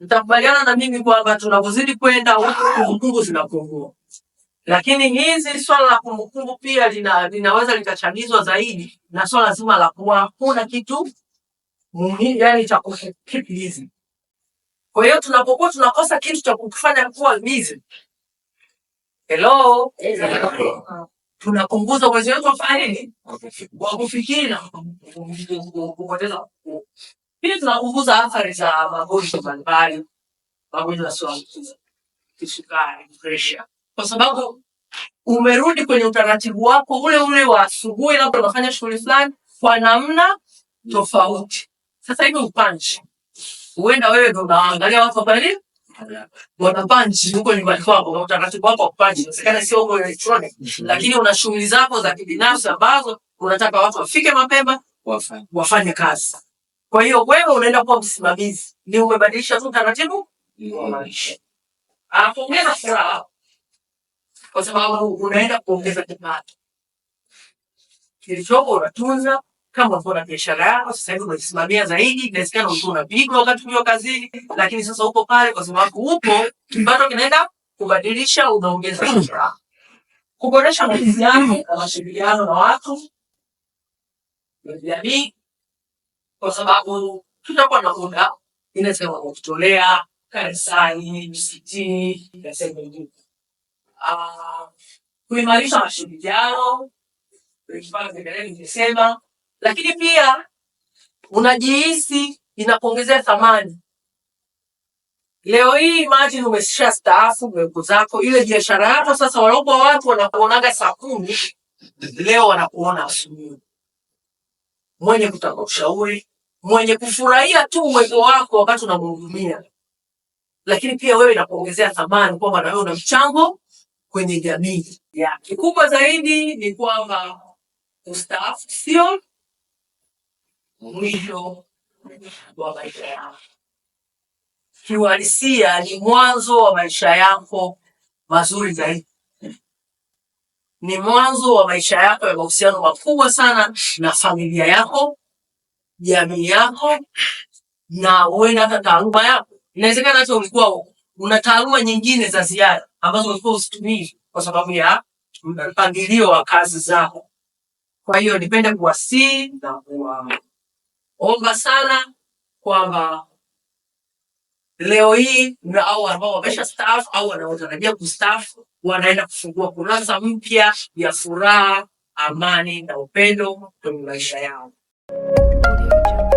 mtakubaliana na mimi kwamba tunapozidi kwenda huku kumbukumbu zinapungua, lakini hizi swala la kumbukumbu pia lina, linaweza likachagizwa zaidi na swala zima la kuwa kuna kitu muhimu yani cha kukipilizi. Kwa hiyo tunapokuwa tunakosa kitu cha kufanya kuwa busy, hello, tunapunguza uwezo wetu wa kufanya nini, wa kufikiri na kupoteza Pili, tunapunguza athari za magonjwa mbalimbali, magonjwa yasiyoambukiza, kisukari, presha, kwa sababu umerudi kwenye utaratibu wako ule ule wa asubuhi, labda unafanya shughuli fulani kwa namna tofauti. Sasa hivi upanchi, huenda wewe ndo unaangalia watu wapali panchi huko nyumbani kwako, kwa utaratibu wako wa kupanchi inawezekana sio huko electronic, lakini una shughuli zako za kibinafsi ambazo unataka watu wafike mapema wafanye kazi kwa hiyo wewe unaenda kuwa msimamizi, ni umebadilisha tu taratibu anakuongeza furaha kwa sababu unaenda kuongeza kipato kilichopo, unatunza kama ulikuwa na biashara yako, sasa hivi unajisimamia zaidi. Inawezekana ulikuwa unapigwa wakati ulio kazini, lakini sasa upo pale kwa sababu upo, kipato kinaenda kubadilisha, unaongeza furaha, kuboresha mahusiano na mashirikiano na watu jamii kwa sababu tutakuwa na muda inasema kutolea kanisani, msikitini na sehemu nyingine, ah, kuimarisha mashirikiano nimesema, lakini pia unajihisi inakuongezea thamani. Leo hii imagine umesha staafu meko zako ile biashara yako sasa, waliokuwa watu wanakuonaga saa kumi leo wanakuona asubuhi, mwenye kutaka ushauri mwenye kufurahia tu uwepo wako wakati unamhudumia, lakini pia wewe inakuongezea thamani kwamba na wewe una mchango kwenye jamii yeah. Kikubwa zaidi ni kwamba ustaafu sio mwisho wa maisha yako, kiuhalisia ni mwanzo wa maisha yako mazuri zaidi ni mwanzo wa maisha yako ya mahusiano makubwa sana na familia yako jamii yako na uenda hata taaluma yako. Inawezekana hata ulikuwa una taaluma nyingine za ziada ambazo ulikuwa usitumii kwa sababu ya mpangilio wa kazi zako. Kwa hiyo nipende kuwasii na kuwaomba sana kwamba leo hii na au ambao wamesha staff au wanaotarajia kustaff wanaenda kufungua kurasa mpya ya furaha, amani na upendo kwenye maisha yao. Audio